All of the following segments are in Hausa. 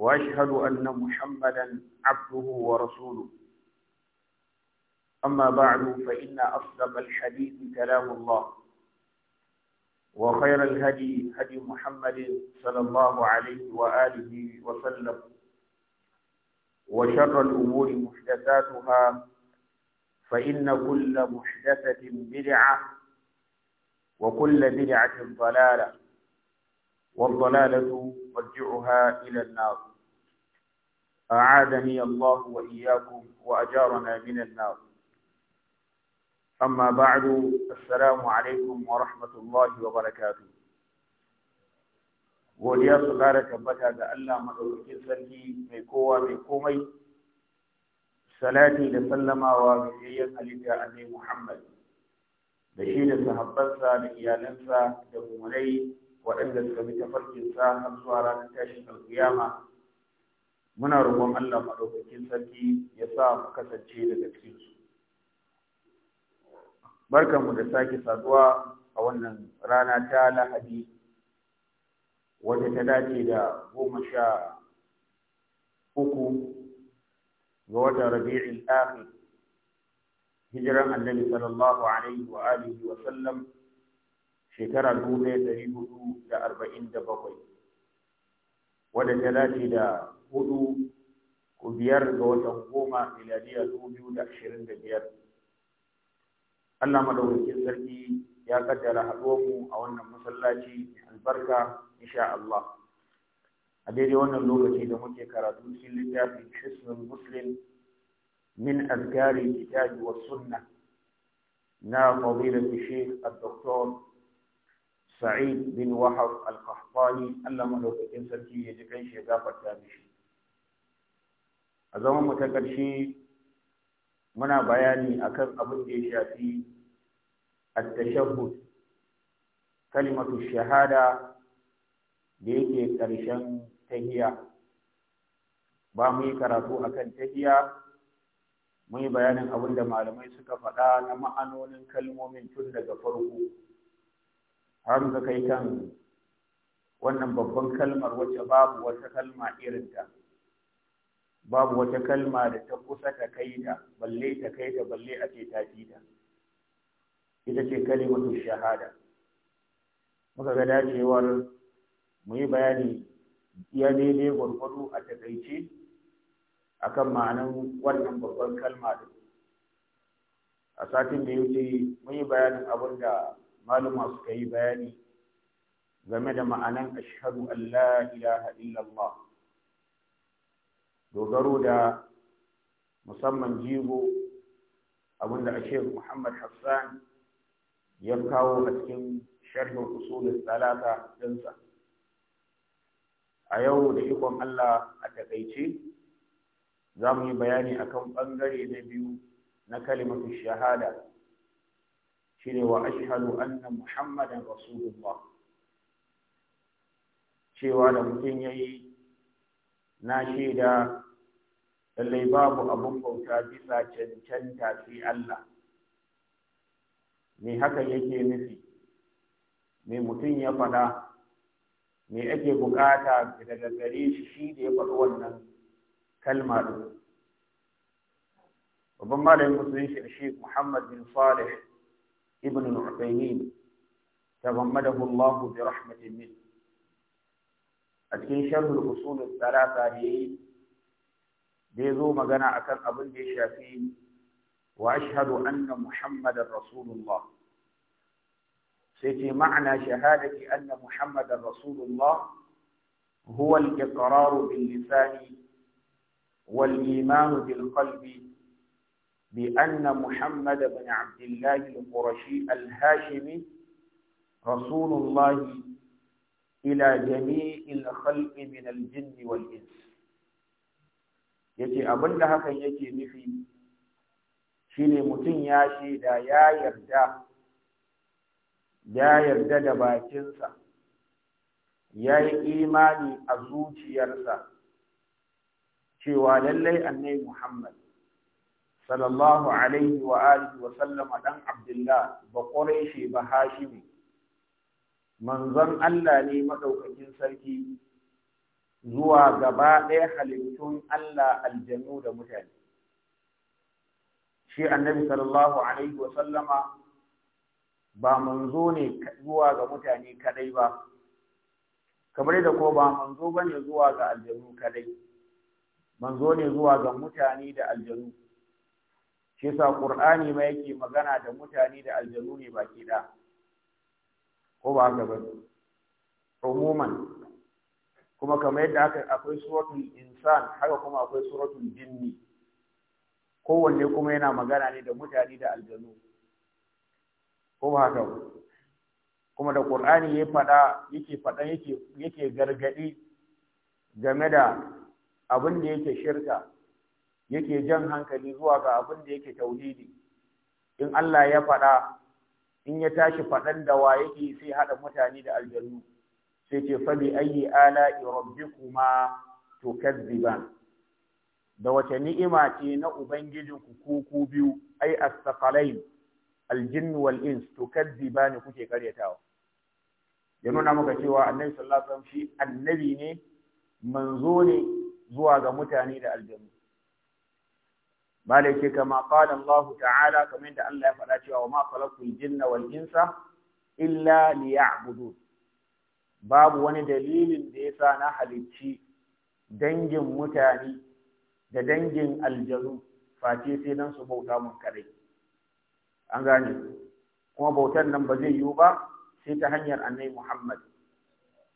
وأشهد أن محمدا عبده ورسوله أما بعد فإن أصدق الحديث كلام الله وخير الهدي هدي محمد صلى الله عليه وآله وسلم وشر الأمور محدثاتها فإن كل محدثة بدعة وكل بدعة ضلالة والضلالة مرجعها إلى النار أعادني الله وإياكم وأجارنا من النار أما بعد السلام عليكم ورحمة wa barakatu. godiya su ƙara tabbata ga Allah maɗaukakin sarki mai kowa mai komai salati da sallamawa ga yayyan halitta annabi Muhammad da shi da sahabbansa da iyalansa da mumunai waɗanda suka bi farkinsa, har zuwa ranar tashin alƙiyama muna roƙon Allah maɗaukakin sarki ya sa mu kasance daga cikin su barkanmu da sake saduwa a wannan rana ta Lahadi wadda ta dace da goma sha uku ga watan Rabi'ul Akhir hijiran Annabi sallallahu alaihi wa alihi wa sallam shekara dubu ɗaya da arba'in da bakwai wadda ta dace da hudu ko biyar ga watan goma miladiya dubu biyu da ashirin da biyar Allah madaukakin sarki ya kaddara haɗuwarmu a wannan masallaci albarka insha Allah a daidai wannan lokaci da muke karatu cikin littafin hisnul muslim min azkari kitabi wa sunna na fadilat shaykh al-doktor sa'id bin wahab al-qahtani Allah madaukakin sarki ya ji kan shi gafarta mishi a zaman mu ta ƙarshe muna bayani akan abin da ya shafi at-tashahhud kalimatu shahada da yake ƙarshen tahiya ba mu yi karatu akan tahiya mun yi bayanin abin da malamai suka faɗa na ma'anonin kalmomin tun daga farko har muka kai kan wannan babban kalmar wacce babu wata kalma irinta ta babu wata kalma da ta kusa ta kai da balle ta kai da balle a ce ta ta ita ce kalimatu shahada muka ga dacewar mu yi bayani ya daidai gwargwado a takaice kan ma'anin wannan babban kalma din a satin da ya wuce yi bayanin abin da maluma suka yi bayani game da ma'anan ashhadu an la ilaha illallah dogaro da musamman jigo abinda ake Muhammad Hassan ya kawo a cikin sharhin usulul salata dinsa a yau da ikon Allah a takaice za mu yi bayani akan bangare na biyu na kalimatu shahada shine wa ashhadu anna muhammadan rasulullah cewa da mutum yayi na shaida lallai babu abun bauta bisa cancanta sai Allah me hakan yake nufi me mutum ya faɗa me ake bukata daga gare shi shi da ya faɗi wannan kalma ɗin babban malamin musulunci shi Muhammad bin Salih ibn al-Uthaymeen tabammadahu Allah bi rahmatin min a cikin sharhul usul salasa da yayi da yazo magana akan abin da ya shafi wa ashhadu anna muhammadar rasulullah sai ce ma'ana shahadati anna muhammadar rasulullah هو الإقرار باللسان والإيمان بالقلب بأن محمد بن عبد الله القرشي الهاشمي رسول الله ila jami'il khalqi min al-jinn wal ins yace abinda hakan yake nufi shine mutum ya shaida ya yarda ya yarda da bakinsa ya yi imani a zuciyarsa cewa lallai annai Muhammad sallallahu alaihi wa alihi wa sallama dan Abdullah ba Quraishi ba Hashimi manzon Allah ne maɗaukakin sarki zuwa gaba ɗaya halittun Allah aljanu da mutane. Shi annabi sallallahu Alaihi wasallama ba manzo ne zuwa ga mutane kadai ba, kamar da ko ba manzo ba ne zuwa ga aljanu kadai, manzo ne zuwa ga mutane da aljanu. Shi sa ƙur'ani ma yake magana da mutane da aljanu ne baki ɗaya. ko ba haka ba umuman kuma kamar yadda aka akwai suratul insan haka kuma akwai suratul jinni kowanne kuma yana magana ne da mutane da aljanu ko ba haka ba kuma da qur'ani ya fada yake fada yake yake gargadi game da abin da yake shirka yake jan hankali zuwa ga abin da yake tauhidi in Allah ya fada in ya tashi faɗan da wa yake sai haɗa mutane da aljannu sai ce fa bi ayyi ala'i rabbikuma tukazziban da wace ni'ima ce na Ubangijin ku ku biyu ai as-saqalain al-jinn wal ins tukazziban kuke karyatawa ya nuna maka cewa annabi sallallahu alaihi wasallam shi annabi ne manzo ne zuwa ga mutane da aljannu malai ce kama qala Allah ta'ala kamar da Allah ya faɗa cewa ma khalaqul jinna wal insa illa liya'budun babu wani dalilin da yasa na halicci dangin mutane da dangin aljanu face sai dan su bauta mun kadai an gane kuma bautar nan ba zai yiwu ba sai ta hanyar annabi Muhammad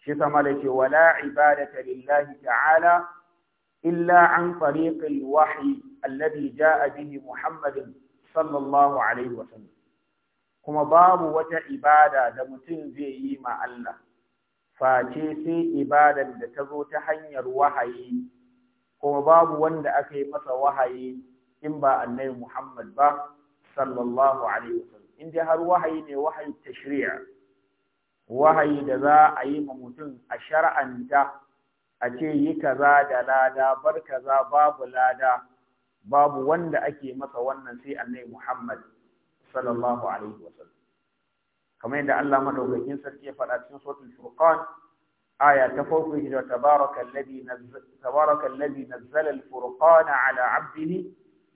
shi sama da wala ibadata lillahi ta'ala illa an tariqil wahyi الذي جاء به محمد صلى الله عليه وسلم kuma babu wata ibada da mutum zai yi ma Allah face sai ibadar da ta zo ta hanyar wahayi kuma babu wanda aka yi masa wahayi in ba annai Muhammad ba sallallahu alaihi wasallam in dai har wahayi ne wahayi tashri'a wahayi da za a yi ma mutum a shar'anta a ce yi kaza da lada bar kaza babu lada babu wanda ake masa wannan sai annabi Muhammad sallallahu alaihi wasallam kamar yadda Allah maɗaukakin sarki ya faɗa cikin suratul furqan aya ta farko ita tabaraka alladhi tabaraka alladhi nazzala al-furqana ala 'abdihi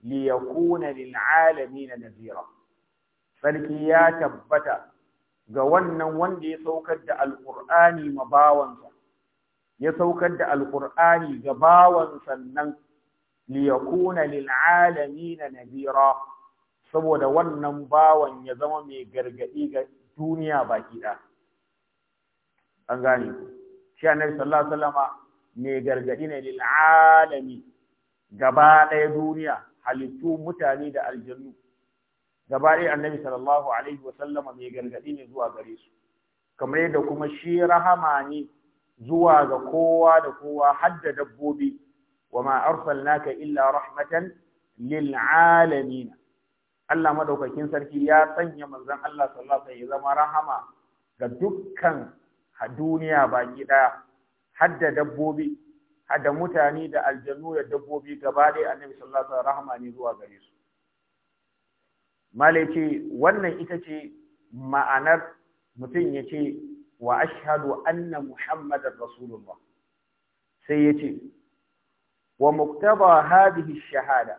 liyakuna lil'alamin nadhira sarki ya tabbata ga wannan wanda ya saukar da alqur'ani ma ya saukar da alqur'ani ga bawansa nan liyakuna lil'alamina nadira saboda wannan bawan ya zama mai gargadi ga duniya baki da an gane shi annabi sallallahu alaihi wasallama mai gargadi ne lil'alami gaba ɗaya duniya halittu mutane da aljannu gaba ɗaya annabi sallallahu alaihi wasallama mai gargadi ne zuwa gare su kamar yadda kuma shi rahama ne zuwa ga kowa da kowa har da dabbobi wama arsalnaka illa rahmatan lil Allah madaukakin sarki ya sanya manzon Allah sallallahu alaihi wasallam zama rahama ga dukkan duniya baki daya hadda dabbobi hadda mutane da aljanu da dabbobi gaba dai annabi sallallahu alaihi wasallam rahama ne zuwa gare su malai wannan ita ce ma'anar mutum ya ce wa ashhadu anna muhammadar rasulullah sai ya ce wa muktaba hadhihi shahada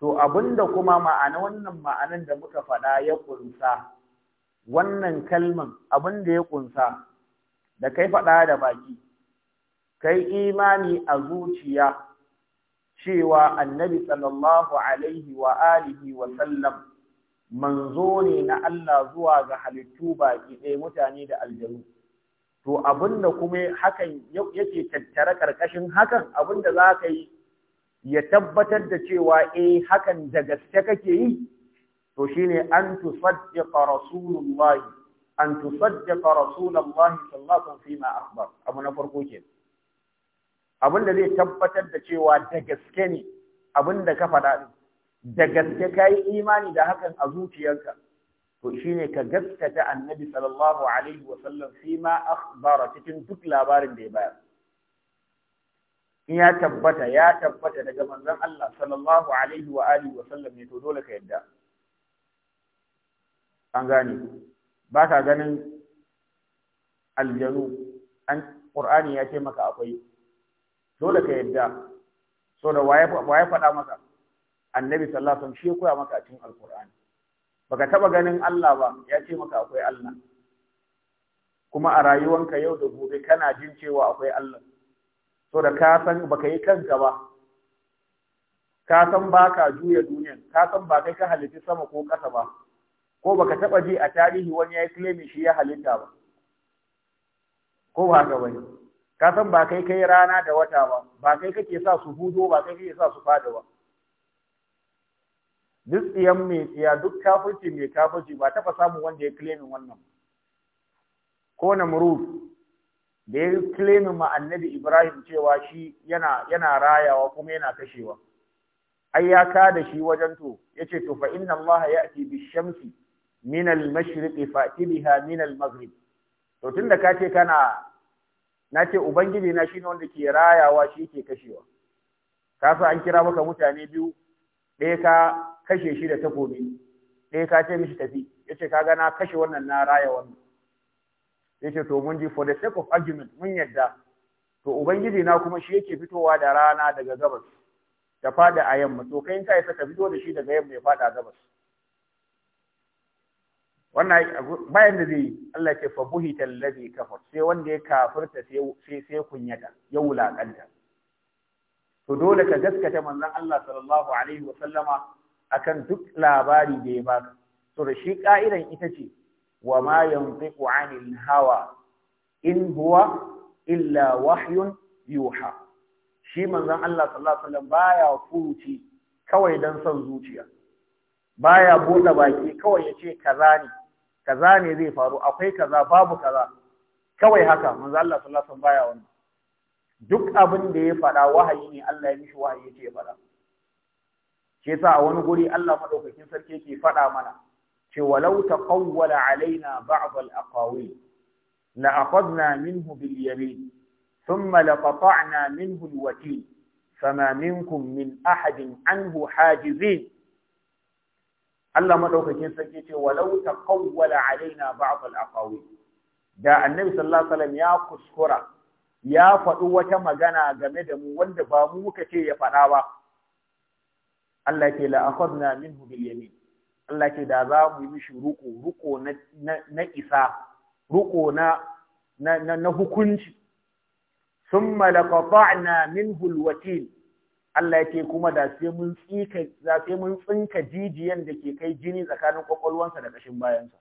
to abinda kuma ma'ana wannan ma'anan da muka faɗa ya kunsa wannan kalman abinda ya kunsa da kai faɗa da baki kai imani a zuciya cewa annabi sallallahu alaihi wa alihi wa sallam manzo ne na Allah zuwa ga halittu baki ɗaya mutane da aljanu to abin da kuma hakan yake tattare karkashin hakan abin da za ka yi ya tabbatar da cewa eh hakan da gaske kake yi to shine an tusaddiqa rasulullah an tusaddiqa rasulullah sallallahu alaihi ma akhbar abu na farko ke da zai tabbatar da cewa da gaske ne abin da ka faɗa da gaske kai imani da hakan a zuciyarka to ne ka gaskata annabi sallallahu alaihi wa sallam fi ma akhbara cikin duk labarin da ya bayar in ya tabbata ya tabbata daga manzon Allah sallallahu alaihi wa alihi wa sallam ne to dole ka yadda an gane ba ka ganin aljanu an qur'ani ya ce maka akwai dole ka yadda so da waye faɗa maka annabi sallallahu alaihi wasallam shi ya koya maka a cikin alqur'ani baka taba ganin Allah ba ya ce maka akwai Allah kuma a rayuwanka yau da gobe kana jin cewa akwai Allah so da ka san baka yi kanka ba ka san baka juya duniyan ka san ba kai ka halitta sama ko ƙasa ba ko baka taba ji a tarihi wani ya claim shi ya halitta ba ko ba ka bane ka san ba kai kai rana da wata ba ba kai kake sa su hudo ba kai kake sa su fada ba duk tsiyan mai tsiya duk kafirci mai kafirci ba taɓa samun wanda ya min wannan ko na da ya claimin ma annabi ibrahim cewa shi yana yana rayawa kuma yana kashewa ai ya ka da shi wajen to yace to fa inna allah ya'ti bishamsi min al-mashriqi fa'ti biha min al-maghrib to tunda ka ce kana na ce ubangiji na ne wanda ke rayawa shi ke kashewa ka an kira maka mutane biyu ɗaya ka kashe shi da takobi sai ka ce mishi tafi yace kaga na kashe wannan na raya wannan yace to mun ji for the sake of argument mun yadda to ubangiji na kuma shi yake fitowa da rana daga gabas ta fada a yamma to kai ka isa ka fito da shi daga yamma ya fada gabas wannan bayan da zai yi Allah ya ce fa buhita allazi kafar sai wanda ya kafirta sai sai kunyata ya wulakanta to dole ka gaskata manzon Allah sallallahu alaihi wa sallama akan duk labari da ya baka to da shi ka'idan ita ce wa ma yantiqu anil hawa in huwa illa wahyun yuha shi manzon Allah sallallahu alaihi wasallam baya furuci kawai dan son zuciya baya bude baki kawai yace kaza ne kaza ne zai faru akwai kaza babu kaza kawai haka manzon Allah sallallahu alaihi wasallam baya wannan duk abin da ya faɗa wahayi ne Allah ya mishi wahayi yake faɗa shi yasa a wani guri Allah madaukakin sarki yake faɗa mana ce walau taqawwala alaina ba'd al-aqawil la akhadna minhu bil yamin thumma laqata'na minhu al fama minkum min ahadin anhu hajizin Allah madaukakin sarki ce walau taqawwala alaina ba'd al da annabi sallallahu alaihi wasallam ya kuskura ya faɗi wata magana game da mu wanda ba mu muka ce ya faɗa ba Allah ke la min hudu ya yamin Allah ke da za mu yi mishi ruko ruko na isa ruko na hukunci. hukunci thumma laqata'na na min hulwatin. Allah ke kuma da sai mun tsinka jijiyan da ke kai jini tsakanin kwakwalwansa da kashin bayansa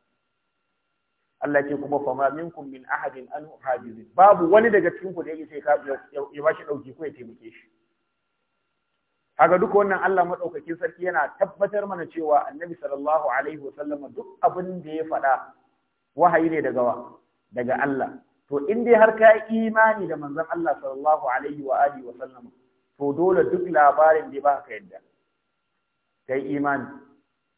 Allah ke kuma fama min kun min ahadin an hajizin babu wani daga cikin ku da ya sai ya bashi ɗauki ko ya taimake shi kaga duka wannan Allah madaukakin sarki yana tabbatar mana cewa annabi sallallahu alaihi wasallam duk abin da ya faɗa wahayi ne daga daga Allah to in dai har ka imani da manzon Allah sallallahu alaihi wa alihi wasallam to dole duk labarin da ba ka yadda kai imani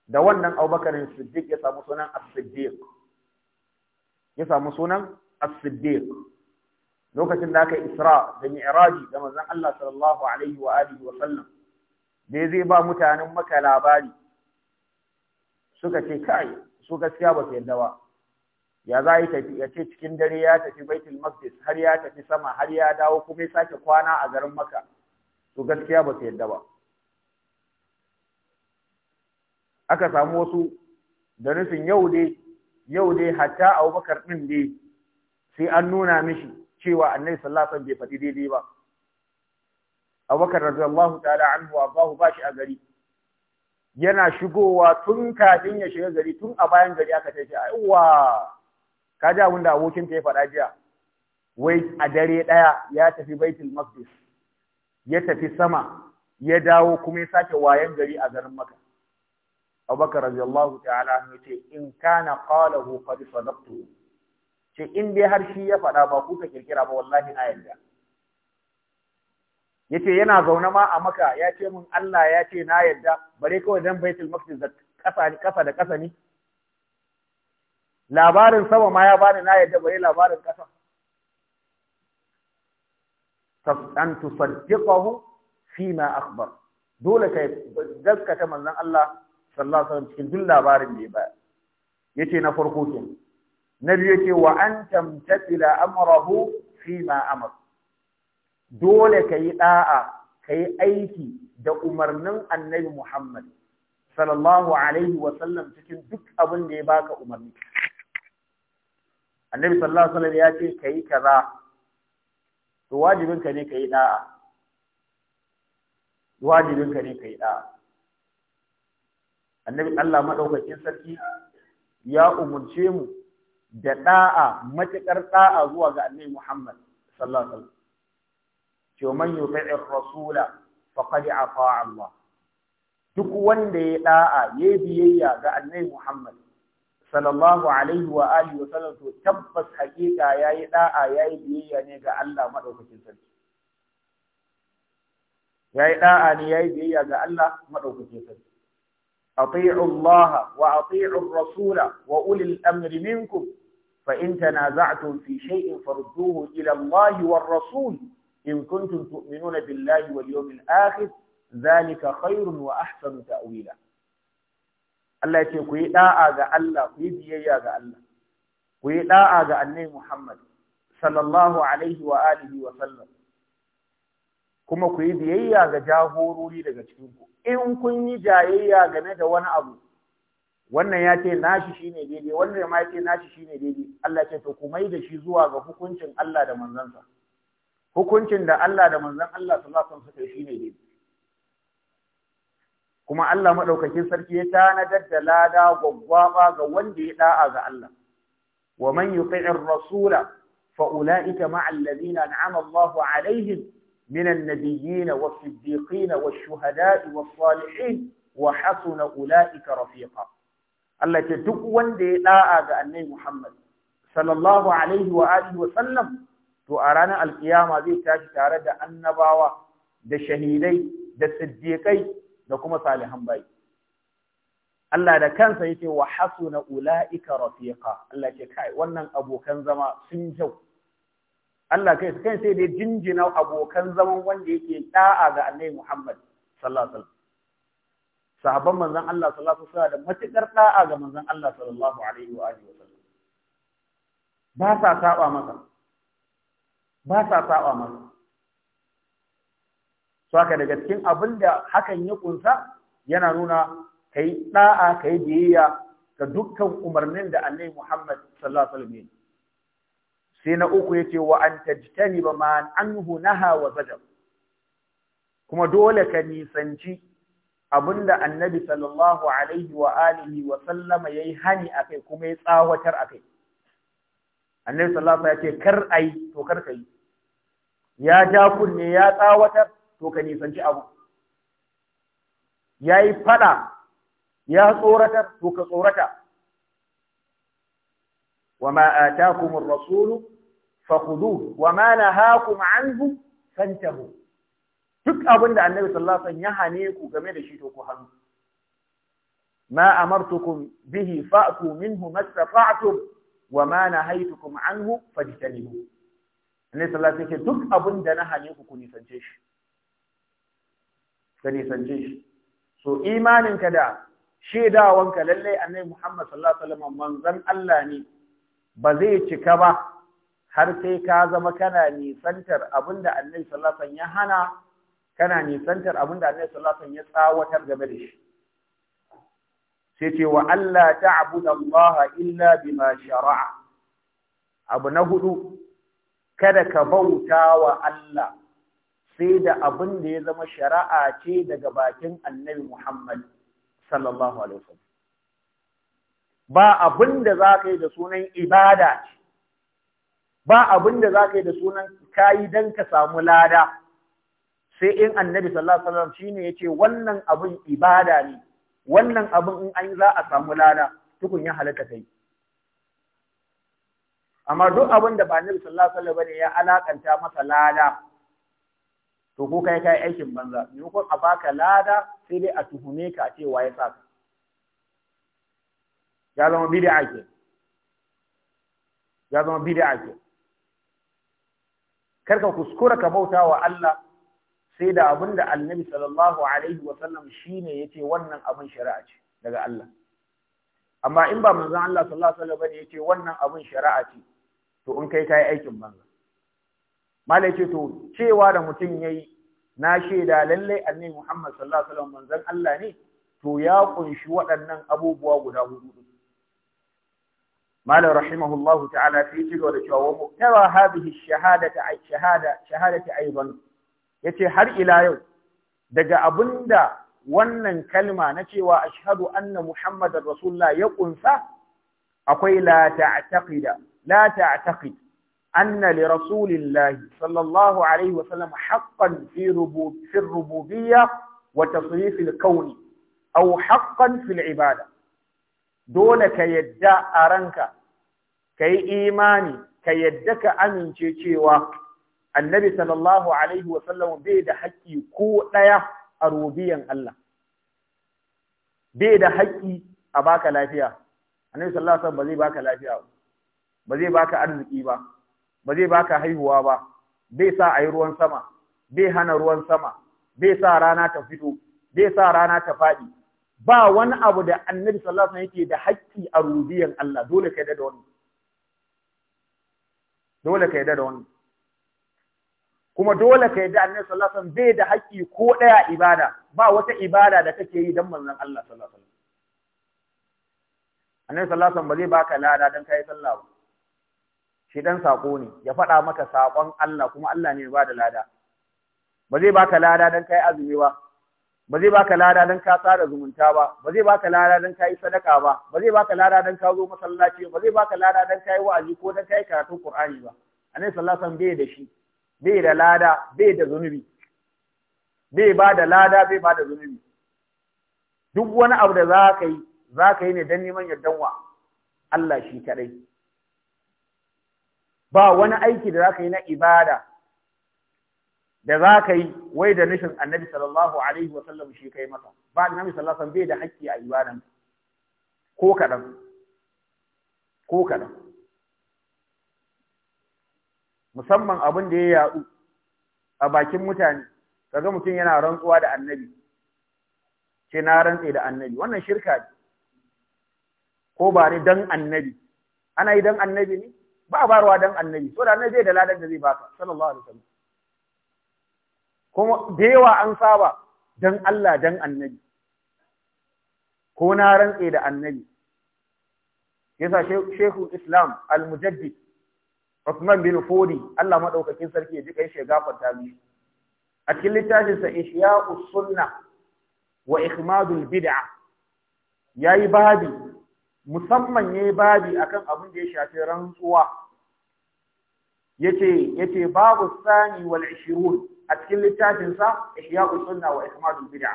da wannan Abubakar Siddiq ya samu sunan As-Siddiq ya samu sunan As-Siddiq lokacin da aka Isra da Mi'raj da manzon Allah sallallahu alaihi wa alihi wasallam da zai ba mutanen maka labari suka ce kai su gaskiya ba su yarda ba ya za yi tafi ya ce cikin dare ya tafi baitul maqdis har ya tafi sama har ya dawo kuma ya sake kwana a garin maka su gaskiya ba su yarda ba aka samu wasu da nufin yau dai yau dai hatta abubakar din dai sai an nuna mishi cewa annabi sallallahu alaihi wasallam bai faɗi daidai ba abubakar radiyallahu ta'ala anhu wa ba shi a gari yana shigowa tun kafin ya shiga gari tun a bayan gari aka tafi aiwa ka ji abin abokin ta ya faɗa jiya wai a dare ɗaya ya tafi baitul maqdis ya tafi sama ya dawo kuma ya sake wayan gari a garin maka abubakar radiyallahu ta'ala anhu ya ce in kana qalahu qad sadaqtu ce in dai har shi ya faɗa ba ku ka kirkira ba wallahi a yace yana zaune ma a maka ya ce min Allah ya ce na yadda bare kawai dan baitul maqdis da kasa kasa da kasa ne labarin sama ma ya bani na yadda bare labarin kasa an tusaddiqahu ma akhbar dole kai gaskata manzon Allah sallallahu alaihi wasallam cikin duk labarin da ya bayar yace na farko kenan na biyu yace wa an tamtasila amrahu ma amara dole ka yi ɗa'a ka yi aiki da umarnin annabi Muhammad sallallahu alaihi wasallam cikin duk abin da ya baka umarni. Annabi sallallahu alaihi wasallam ya ce ka yi kaza, to wajibinka ne ka yi ɗa'a. Wajibinka ne ka yi ɗa'a. Annabi Allah maɗaukakin sarki ya umurce mu da ɗa'a matuƙar ɗa'a zuwa ga annabi Muhammad sallallahu alaihi wasallam. cewa man yuti'ir rasula faqad ata Allah duk wanda ya da'a ya biyayya ga annabi Muhammad sallallahu alaihi wa alihi wa sallam to tabbas hakika yayi da'a yayi biyayya ne ga Allah madaukakin sarki yayi da'a ne yayi biyayya ga Allah madaukakin sarki ati'u Allah wa ati'u ar-rasula wa ulil amri minkum fa in tanaza'tum fi shay'in farudduhu ila Allah war-rasul in kuntum tu'minuna billahi wal yawmil akhir zalika khairun wa ahsanu ta'wila Allah yake ku yi da'a ga Allah ku yi biyayya ga Allah ku yi da'a ga annabi Muhammad sallallahu alaihi wa alihi wa sallam kuma ku yi biyayya ga jagorori daga cikin ku in kun yi jayayya game da wani abu wannan ya ce nashi shine daidai wannan ma ya ce nashi shine daidai Allah ya ce to ku mai da shi zuwa ga hukuncin Allah da manzansa hukuncin da Allah da manzan Allah sallallahu alaihi wasallam suka yi shine kuma Allah madaukakin sarki ya tanadar da lada gwaggwaba ga wanda ya da'a ga Allah wa man yuti'ir rasula fa ulaika ma'al ladina an'ama Allahu alaihim min wa siddiqin wa shuhada'i wa salihin wa hasuna ulaika rafiqa Allah ya ce duk wanda ya ɗa'a ga annabi Muhammad sallallahu alaihi wa wa sallam to a ranar alkiyama zai tashi tare da annabawa da shahidai da siddiƙai da kuma salihan bayi Allah da kansa yake wa hasuna ula'ika rafiqa Allah ce kai wannan abokan zama sun jau Allah kai kai sai dai jinjina abokan zaman wanda yake da'a ga Annabi Muhammad sallallahu alaihi wasallam sahabban manzon Allah sallallahu alaihi wasallam da matukar da'a ga manzon Allah sallallahu alaihi wa alihi wasallam ba sa saba masa ba sa saba masa so haka daga cikin abin da hakan ya kunsa yana nuna ka yi ɗa'a ka yi biyayya ga dukkan umarnin da Annabi Muhammad sallallahu alaihi wasallam sai na uku yace wa'anta an tajtani ba ma an hunaha wa zajar kuma dole ka nisanci abinda Annabi sallallahu alaihi wa alihi wa sallama yayi hani akai kuma ya tsawatar akai Annabi sallallahu alaihi ya ce kar ai to kar ka yi. ya ja kunne ya tsawatar to ka nisanci abu yayi yi fada ya tsoratar to ka tsorata wa ma atakumur rasulu fakhuduhu wa ma nahakum anhu fantahu duk abin da annabi sallallahu alaihi wasallam ya hane ku game da shi to ku hannu ma amartukum bihi فأتوا منه ما استطعتم وما Annabi sallallahu alaihi wasallam duk abin da na hane ku ku nisance shi. Ka nisance shi. So imaninka da shaidawanka lallai Annabi Muhammad sallallahu alaihi wasallam manzon Allah ne ba zai cika ba har sai ka zama kana nisantar abin da Annabi sallallahu ya hana kana nisantar abin da Annabi sallallahu ya tsawatar game da shi. sai ce wa Allah da Allah illa bima shara'a abu na hudu kada ka bauta wa Allah sai da abin da ya zama shari'a ce daga bakin annabi Muhammad sallallahu alaihi wasallam ba abin da za ka yi da sunan ibada ce ba abin da za ka yi da sunan kayi don ka samu lada sai in annabi sallallahu alaihi wasallam shine yace wannan abin ibada ne wannan abin in an za a samu lada tukun ya halatta kai amma duk abin da ba nabi sallallahu alaihi wasallam ya alakanta masa lada to ko kai kai aikin banza ko a baka lada sai dai a tuhume ka a ce wa ya saka ya zama bid'a ke ya zama bid'a ke karka kuskura ka bauta wa Allah sai da abin da annabi sallallahu alaihi wasallam shine yace wannan abin shari'a ce daga Allah amma in ba manzon Allah sallallahu alaihi wasallam bane yace wannan abin shari'a ce to in kai kai aikin banza malai ce to cewa da mutum yayi na shaida lalle annabi Muhammad sallallahu alaihi wasallam manzon Allah ne to ya kunshi waɗannan abubuwa guda hudu malam rahimahullahu ta'ala fi ci da cewa wa muktara hadhihi shahadata ay shahada shahadati aidan yace har ila yau daga abinda wannan kalma na cewa ashhadu anna muhammadar rasulullah ya kunsa akwai la ta'taqida لا تعتقد أن لرسول الله صلى الله عليه وسلم حقا في, ربوب في الربوبية وتصريف الكون أو حقا في العبادة دولة كيدا أرنك كي إيماني كيدك أمن تشيوا النبي صلى الله عليه وسلم بيد حكي كو أروبيا الله بيد حكي أباك لافيا النبي صلى الله عليه وسلم بزي باك لافيا ba zai baka arziki ba ba zai baka haihuwa ba bai sa ayi ruwan sama bai hana ruwan sama bai sa rana ta fito bai sa rana ta faɗi ba wani abu da annabi sallallahu alaihi yake da haƙƙi a rubiyan Allah dole ka da wani, dole ka da wani. kuma dole ka da annabi sallallahu alaihi wasallam bai da haƙƙi ko ɗaya ibada ba wata ibada da kake yi dan manzon Allah sallallahu alaihi wasallam annabi sallallahu alaihi wasallam ba zai baka lada dan kai sallah ba shi dan sako ne ya faɗa maka sakon Allah kuma Allah ne ba da lada ba zai baka lada dan kai azumi ba ba zai baka lada dan ka tsara zumunta ba ba zai baka lada dan kai sadaka ba ba zai baka lada dan ka zo masallaci ba zai baka lada dan kai wa'azi ko dan kai karatun Qur'ani ba annabi sallallahu alaihi wasallam bai da shi bai da lada bai da zunubi bai ba da lada bai ba da zunubi duk wani abu da za ka yi za ka yi ne dan neman yardan wa Allah shi kadai ba wani aiki da za ka yi na ibada da za ka yi wai da nishin annabi sallallahu alaihi wa sallam shi kai masa ba annabi sallallahu alaihi bai da haƙƙi a ibadan ko kadan ko kadan musamman abin da ya yaɗu a bakin mutane kaga mutum yana rantsuwa da annabi ce na rantse da annabi wannan shirka ko ba ne dan annabi ana yi dan annabi ne ba ba ruwa dan annabi to da annabi zai da ladan da zai baka sallallahu alaihi wasallam kuma da yawa an saba dan Allah dan annabi ko na rantse da annabi yasa shekul islam al-mujaddid Uthman bin Fodi Allah madaukakin sarki ya ji kai shi gafarta mishi a cikin littafin sa Ihya'us Sunna wa Ikhmadul Bid'ah yayi babi musamman ya yi babi akan abin da ya shafi rantsuwa yace yace babu sani wal 20 a cikin littafin sa ihya'us sunna wa ikmalul Ya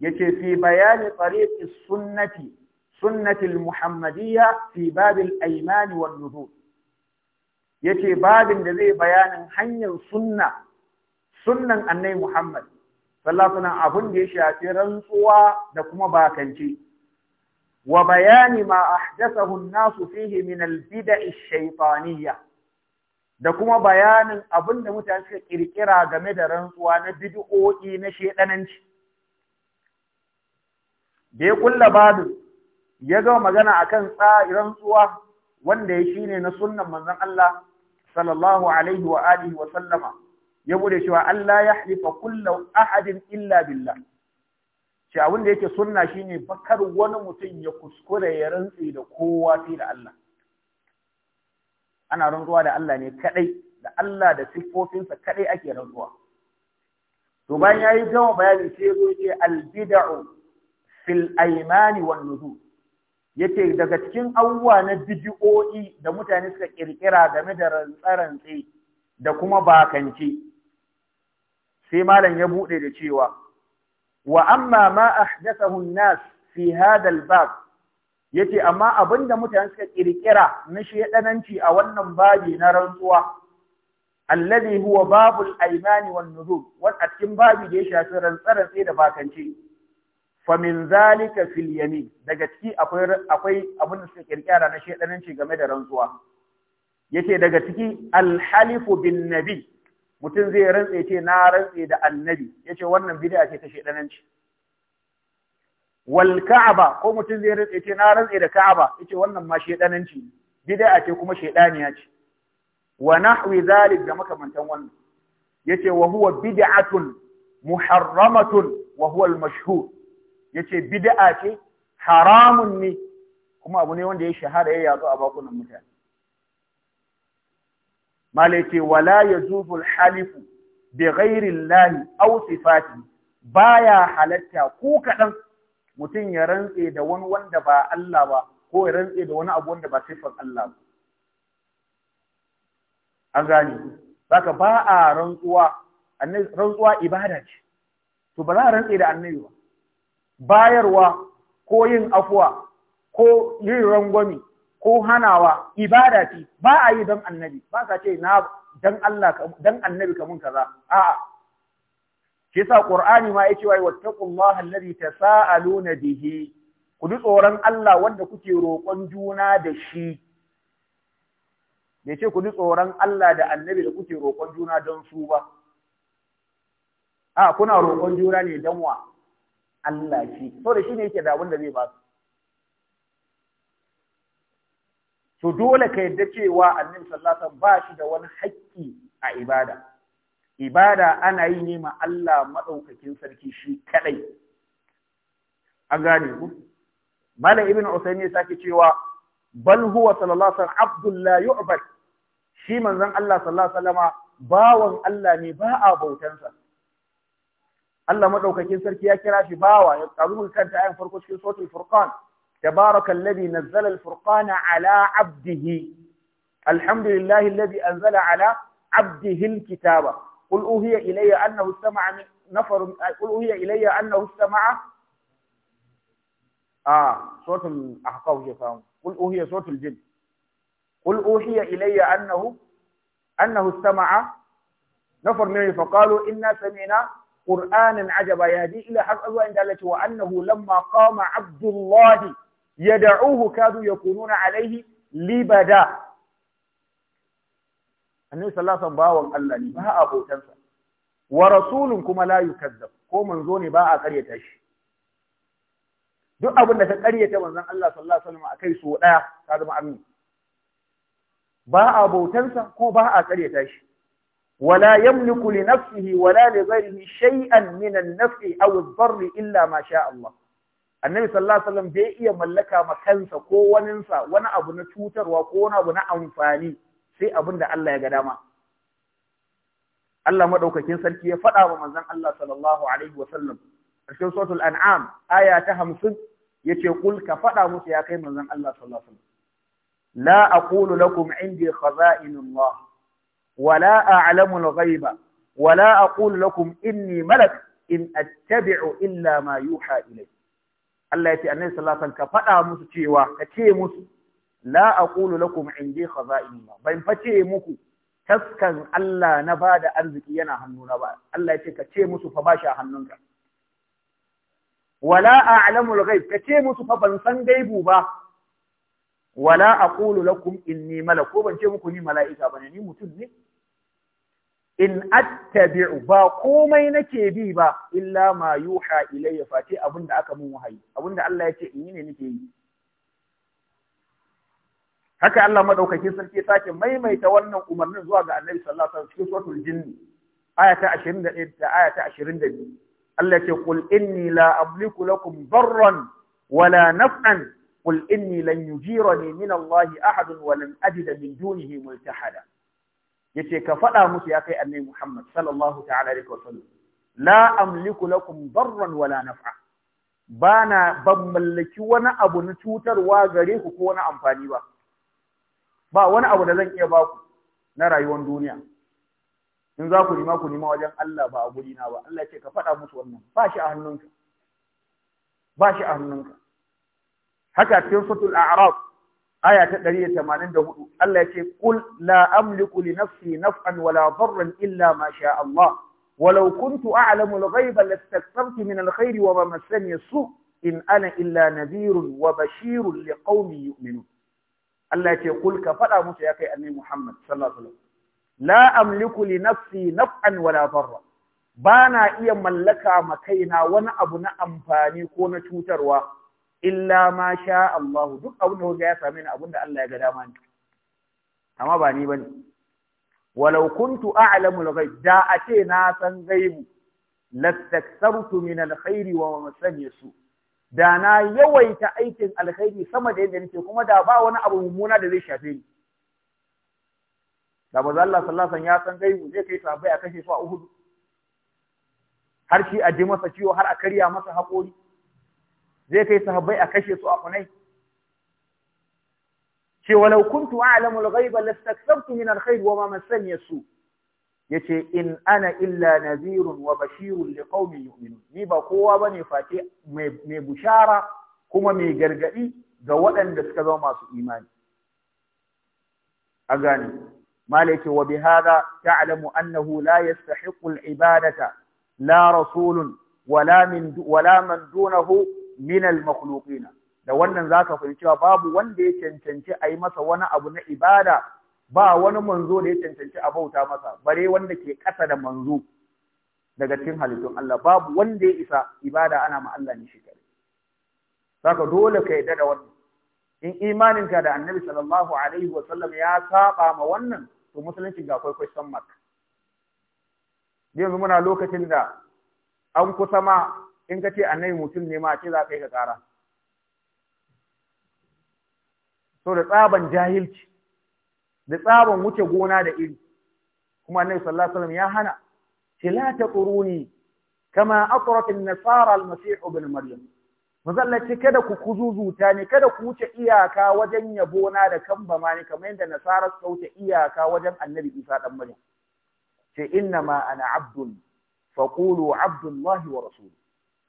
yace fi bayani tariqis sunnati sunnati al muhammadiyya fi bab al ayman wal Ya yace babin da zai bayanin hanyar sunna sunnan annai muhammad sallallahu alaihi da ya shafi rantsuwa da kuma bakance wa bayani ma ahdathahu an-nasu fihi min da kuma bayanin abinda mutane suka kirkira game da rantsuwa na bid'o'i na shedananci da ya kulla babu ya ga magana akan tsarin rantsuwa, wanda ya shine na sunnan manzon Allah sallallahu alaihi wa alihi wa sallama ya bude cewa Allah ya halifa kullu ahadin illa billah shi abin da yake sunna shine bakar wani mutum ya kuskure ya rantse da kowa sai da Allah ana rantsuwa da Allah ne kadai da Allah da siffofinsa kadai ake rantsuwa to bayan yi gama bayani sai yazo yace al bid'u fil aymani wan nuzul yace daga cikin abubuwa na bid'o'i da mutane suka kirkira game da rantsarantsi da kuma bakanci sai malam ya bude da cewa وأما ما أحدثه fi hadal هذا الباب yace amma abinda mutane suka ƙirƙira na shedananci a wannan babi na rantsuwa alladhi huwa babul aymani wan nuzul wan a cikin babu da ya shafi rantsaran sai da bakance fa min zalika fil yamin daga ciki akwai abunda suka ƙirƙira na shedananci game da rantsuwa yace daga ciki Alhalifu bin nabi mutum zai rantse ce na rantse da annabi ya ce wannan bid'a ce ta shaidananci. wal ka'aba ko mutum zai rantse ce na rantse da ka'aba ya ce wannan ma shaidananci. bid'a ce kuma shaidaniya ce wa nahwi zalik da makamantan wannan ce wa huwa bid'atun muharramatun wa huwa al-mashhur ce bid'a ce haramun ne kuma abu ne wanda ya shahara ya yazo a bakunan mutane malaiti wala yajubu al-halifu bi ghairi llahi aw sifati baya halatta ko kadan mutum ya rantse da wani wanda ba Allah ba ko ya rantse da wani abu wanda ba sifar Allah ba an gane saka ba a rantsuwa rantsuwa ibada ce to ba za a rantse da annabi ba bayarwa ko yin afuwa ko yin rangwami ko hanawa ibada ce ba a yi don annabi ba ka ce na Allah annabi kamun kaza a'a shi sa qur'ani ma yace wai wattaqullaha alladhi tasaaluna bihi ku ji tsoron Allah wanda kuke roƙon juna da shi bai ce ku ji tsoron Allah da annabi da kuke roƙon juna don su ba a kuna roƙon juna ne don wa Allah shi so da shi ne yake da abin da zai ba su to dole ka yadda cewa annabi sallallahu alaihi wasallam ba shi da wani haƙƙi a ibada ibada ana yi ne ma Allah madaukakin sarki shi kadai A gane ku malam ibn usaymi ya sake cewa bal huwa sallallahu alaihi wasallam abdullah yu'bad shi manzon Allah sallallahu alaihi wasallama bawan Allah ne ba a bautansa Allah madaukakin sarki ya kira shi bawa ya karu kanta ayin farko cikin suratul furqan تبارك الذي نزل الفرقان على عبده الحمد لله الذي أنزل على عبده الكتاب قل أوهي إلي أنه استمع نفر قل أوهي إلي أنه استمع آه صوت يا فاهم قل أوهي صوت الجن قل أوهي إلي أنه أنه استمع نفر منه فقالوا إنا سمعنا قرآنا عجبا يهدي إلى حق أزواء عند وأنه لما قام عبد الله yad'uhu kadu yakununa alaihi libada annabi sallallahu alaihi wasallam Allah ne ba abotansa wa rasulun kuma la yukazzab ko manzo ne ba a karyata shi duk abin da ka karyata manzon Allah sallallahu alaihi wasallam akai so daya ka zama amini ba abotansa ko ba a karyata shi ولا يملك لنفسه ولا لغيره شيئا من النفع أو الضر إلا ما شاء الله annabi sallallahu alaihi wasallam bai iya mallaka ma kansa ko waninsa wani abu na cutarwa ko wani abu na amfani sai abin da Allah ya ga dama Allah madaukakin sarki ya faɗa wa manzon Allah sallallahu alaihi wasallam a cikin suratul an'am aya ta 50 yace kul ka faɗa musu ya kai manzon Allah sallallahu alaihi wasallam la aqulu lakum indi khaza'inullah wala a'lamu ghaiba wala aqulu lakum inni malak in attabi'u illa ma yuha ilayya Allah ya ce annabi sallallahu alaihi wasallam ka faɗa musu cewa ka ce musu la aqulu lakum indi khaza'inullah ban face muku taskan Allah na bada arziki yana hannuna ba Allah ya ce ka ce musu fa bashi a hannunka wala a'lamu al-ghaib ka ce musu fa ban san gaibu ba wala aqulu lakum inni malak ko ban ce muku ni mala'ika bane ni mutum ne in attabi'u ba komai nake bi ba illa ma yuha ilayya face abinda aka mun wahayi abinda Allah ya ce in yi ne nake yi haka Allah madaukaki sarki sake maimaita wannan umarnin zuwa ga Annabi sallallahu alaihi wasallam cikin suratul jinn aya ta 21 da aya ta 22 Allah ya ce qul inni la amliku lakum darran wala naf'an qul inni lan yujirani min Allah ahadun wa lan ajida min dunihi multahada yace ka faɗa musu ya kai annabi Muhammad sallallahu ta'ala alaihi wasallam la amliku lakum darran wala naf'a bana ban mallaki wani abu na cutarwa gare ku ko wani amfani ba ba wani abu da zan iya ba ku na rayuwar duniya in za ku nima ku nima wajen Allah ba a guri na ba Allah ce ka faɗa musu wannan ba shi a hannunka ba shi a hannunka haka cikin a'raf aya ta 184 Allah ya ce kul la amliku li nafsi naf'an wala darran illa ma sha Allah walau kuntu a'lamu al-ghaiba lastakthartu min al-khairi wa ma massani su in ana illa nadhirun wa bashirun liqaumin yu'minun Allah ya ce kul ka faɗa musu ya kai annabi Muhammad sallallahu alaihi wasallam la amliku li nafsi naf'an wala darra bana iya mallaka ma kaina wani abu na amfani ko na cutarwa illa ma sha Allahu! duk abin da kuka ya same ni abin da Allah ya ga dama ni amma ba ni bane walau kuntu al ghaib da a ce na san gaibu lastakthartu min alkhairi wa ma su da na yawaita aikin alkhairi sama da yadda nake kuma da ba wani abu mummuna da zai shafe ni da bazan Allah sallallahu alaihi ya san gaibu zai kai sabai a kashe su a uhudu har shi a ji masa ciwo har a karya masa haƙori zai kai sahabbai a kashe su a kunai ce walau kuntu a'lamu al-ghaiba lastakthartu min al-khair wa ma su yace in ana illa nadhirun wa bashirun liqaumin yu'minun ni ba kowa bane face mai bushara kuma mai gargadi ga waɗanda suka zama masu imani a gane wa bihada ta'lamu annahu la yastahiqu al-ibadata la rasulun wala min wala man dunahu minal makhluqina da wannan zaka fahimci cewa babu wanda ya cancanci a yi masa wani abu na ibada ba wani manzo da ya cancanci a bauta masa bare wanda ke ƙasa da manzo daga cikin halittun Allah babu wanda ya isa ibada ana ma Allah ne shi kare saka dole ka yarda da wannan in imanin imaninka da Annabi sallallahu alaihi wa sallam ya saba ma wannan to musulunci ga kai question mark yanzu muna lokacin da an kusa ma in ka ce annabi mutum ne ma ce za ka yi ka kara so da tsaban jahilci da tsaban wuce gona da iri kuma annabi sallallahu alaihi ya hana ce la taquruni kama aqrat an-nasara al-masih maryam mazallaci kada ku kuzuzuta ne kada ku wuce iyaka wajen yabo na da kambama ne kamar yadda nasara suka wuce iyaka wajen annabi isa dan maryam ce inna ma ana abdun faqulu abdullahi wa rasuluhu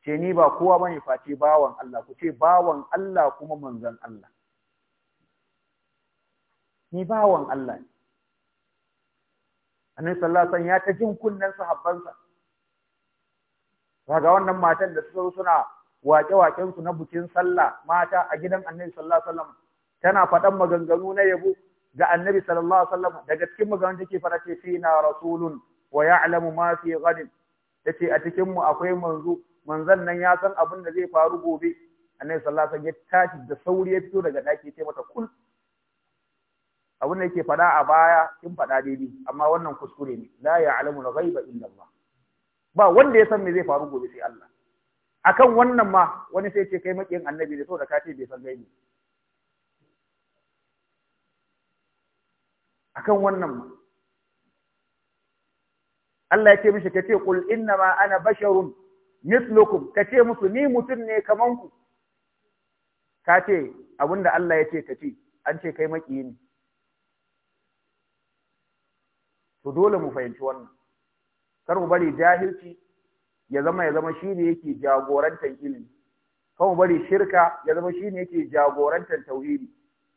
ce ni ba kowa bane face bawan Allah ku ce bawan Allah kuma manzon Allah ni bawan Allah ne annabi sallallahu alaihi wasallam ya ta jin kunnen sahabbansa kaga wannan matan da suka suna wake waken su na bukin sallah mata a gidan annabi sallallahu alaihi wasallam tana faɗan maganganu na yabo ga annabi sallallahu alaihi wasallam daga cikin maganganun take fara ce fina rasulun wa ya'lamu ma fi ghadin tace a cikin mu akwai manzo manzon nan ya san abin da zai faru gobe a sallallahu ya tashi da sauri ya fito daga daki ya mata kul abin da yake faɗa a baya kin faɗa daidai amma wannan kuskure ne la ya'lamu al-ghaiba illa Allah ba wanda ya san me zai faru gobe sai Allah akan wannan ma wani sai ce kai makiyin annabi da saboda ka ce bai san gaibi akan wannan ma Allah ya ce mishi kace qul inna ma ana basharun mislukum kace musu ni mutum ne kaman ku kace ce abinda Allah ya ce ka an ce kai maƙiyi ne to dole mu fahimci wannan kar mu bari jahilci ya zama ya zama shine yake jagorantar ilimi kar mu bari shirka ya zama shine yake jagorantar tauhidi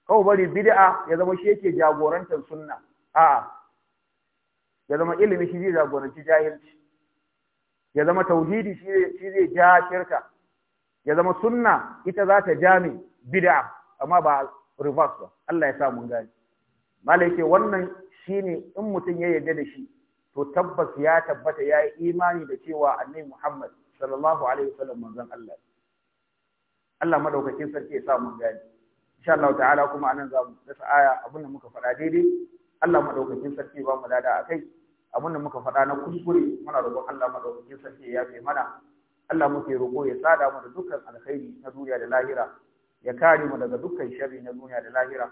kar mu bari bid'a ya zama shi yake jagorantar sunna a'a ya zama ilimi shi zai jagoranci jahilci ya zama tauhidi shi zai ja shirka ya zama sunna ita za ta ja ne bid'a amma ba reverse ba Allah ya sa mun gani malai ke wannan shine in mutum ya yarda da shi to tabbas ya tabbata ya yi imani da cewa annabi Muhammad sallallahu alaihi wasallam manzon Allah Allah madaukakin sarki ya sa mun gani insha Allah ta'ala kuma anan za mu dasa aya abin da muka faɗa daidai Allah madaukakin sarki ba mu dada akai abin da muka faɗa na kuskure muna roƙon Allah madaukakin sarki ya yafe mana Allah muke roƙo ya tsada mu da dukkan alkhairi na duniya da lahira ya kare mu daga dukkan sharri na duniya da lahira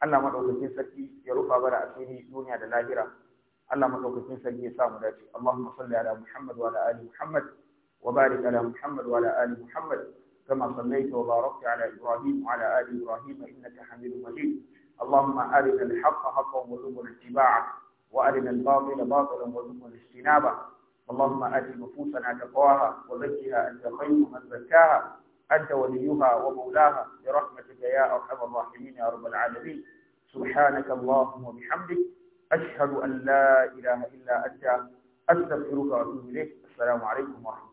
Allah madaukakin sarki ya rufa bara asiri duniya da lahira Allah madaukakin sarki ya sa mu dace Allahumma salli ala Muhammad wa ala ali Muhammad wa barik ala Muhammad wa ala ali Muhammad كما صليت وباركت على إبراهيم وعلى آل إبراهيم إنك حميد مجيد اللهم أرنا الحق حقا وارزقنا اتباعه وأرنا الباطل باطلا وارزقنا اجتنابه اللهم آت نفوسنا تقواها وزكها أنت خير من زكاها أنت وليها ومولاها برحمتك يا أرحم الراحمين يا رب العالمين سبحانك اللهم وبحمدك أشهد أن لا إله إلا أنت أستغفرك وأتوب إليك السلام عليكم ورحمة الله